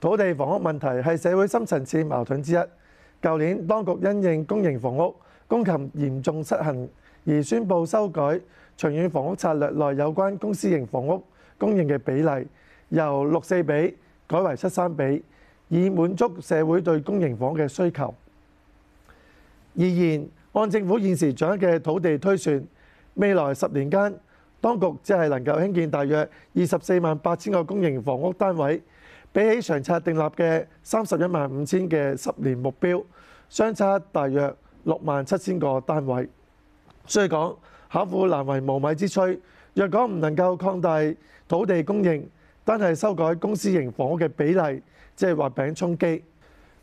土地房屋問題係社會深層次矛盾之一。舊年當局因應公營房屋供求嚴重失衡而宣布修改長遠房屋策略內有關公私營房屋供應嘅比例，由六四比改為七三比，以滿足社會對公營房嘅需求。然而，按政府現時掌握嘅土地推算，未來十年間當局只係能夠興建大約二十四萬八千個公營房屋單位。比起長策定立嘅三十一萬五千嘅十年目標，相差大約六萬七千個單位。所以講巧婦難為無米之炊。若果唔能夠擴大土地供應，單係修改公私營房屋嘅比例，即係畫餅充飢。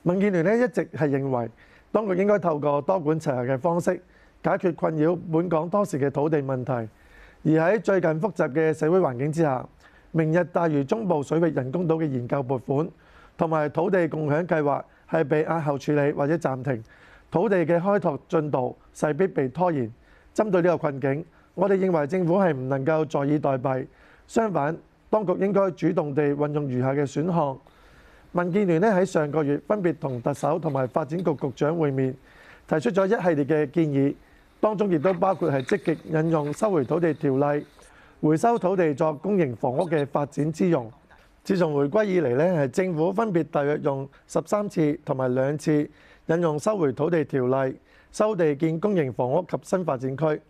民建聯咧一直係認為當局應該透過多管齊下嘅方式解決困擾本港多時嘅土地問題，而喺最近複雜嘅社會環境之下，明日大嶼中部水域人工島嘅研究撥款同埋土地共享計劃係被押後處理或者暫停，土地嘅開拓進度勢必被拖延。針對呢個困境，我哋認為政府係唔能夠坐以待斃，相反，當局應該主動地運用餘下嘅選項。民建聯呢喺上個月分別同特首同埋發展局局長會面，提出咗一系列嘅建議，當中亦都包括係積極引用收回土地條例。回收土地作公營房屋嘅發展之用。自從回歸以嚟，政府分別大約用十三次同埋兩次引用收回土地條例收地建公營房屋及新發展區。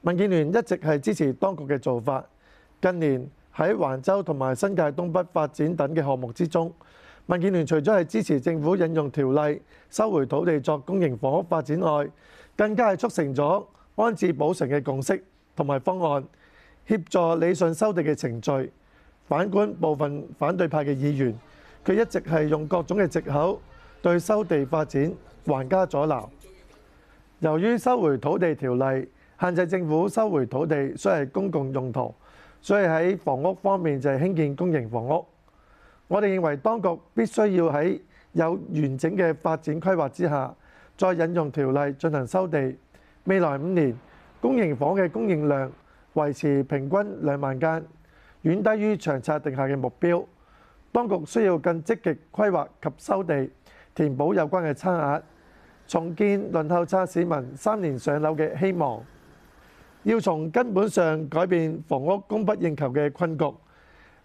民建聯一直係支持當局嘅做法。近年喺環州同埋新界東北發展等嘅項目之中，民建聯除咗係支持政府引用條例收回土地作公營房屋發展外，更加係促成咗安置補償嘅共識同埋方案。協助理順收地嘅程序，反觀部分反對派嘅議員，佢一直係用各種嘅藉口對收地發展橫加阻撓。由於收回土地條例限制政府收回土地，雖係公共用途，所以喺房屋方面就係興建公營房屋。我哋認為當局必須要喺有完整嘅發展規劃之下，再引用條例進行收地。未來五年公營房嘅供應量，維持平均兩萬間，遠低於長策定下嘅目標。當局需要更積極規劃及收地，填補有關嘅差額，重建輪候冊市民三年上樓嘅希望。要從根本上改變房屋供不應求嘅困局，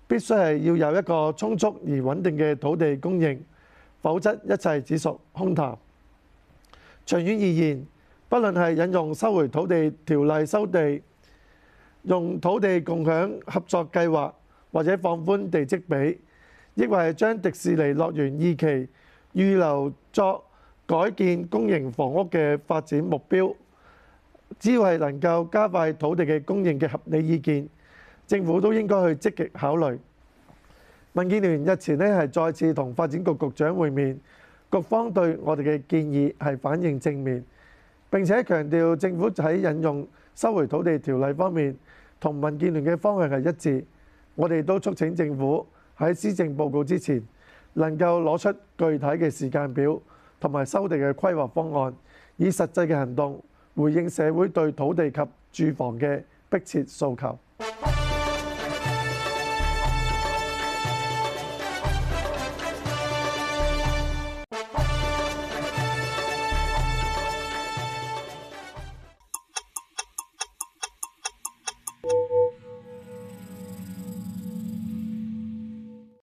必須係要有一個充足而穩定嘅土地供應，否則一切只屬空談。長遠而言，不論係引用收回土地條例收地，用土地共享合作計劃，或者放寬地積比，亦或係將迪士尼樂園二期預留作改建公營房屋嘅發展目標，只要係能夠加快土地嘅供應嘅合理意見，政府都應該去積極考慮。民建聯日前呢係再次同發展局局長會面，局方對我哋嘅建議係反映正面。並且強調政府喺引用收回土地條例方面，同民建聯嘅方向係一致。我哋都促請政府喺施政報告之前，能夠攞出具體嘅時間表同埋收地嘅規劃方案，以實際嘅行動回應社會對土地及住房嘅迫切訴求。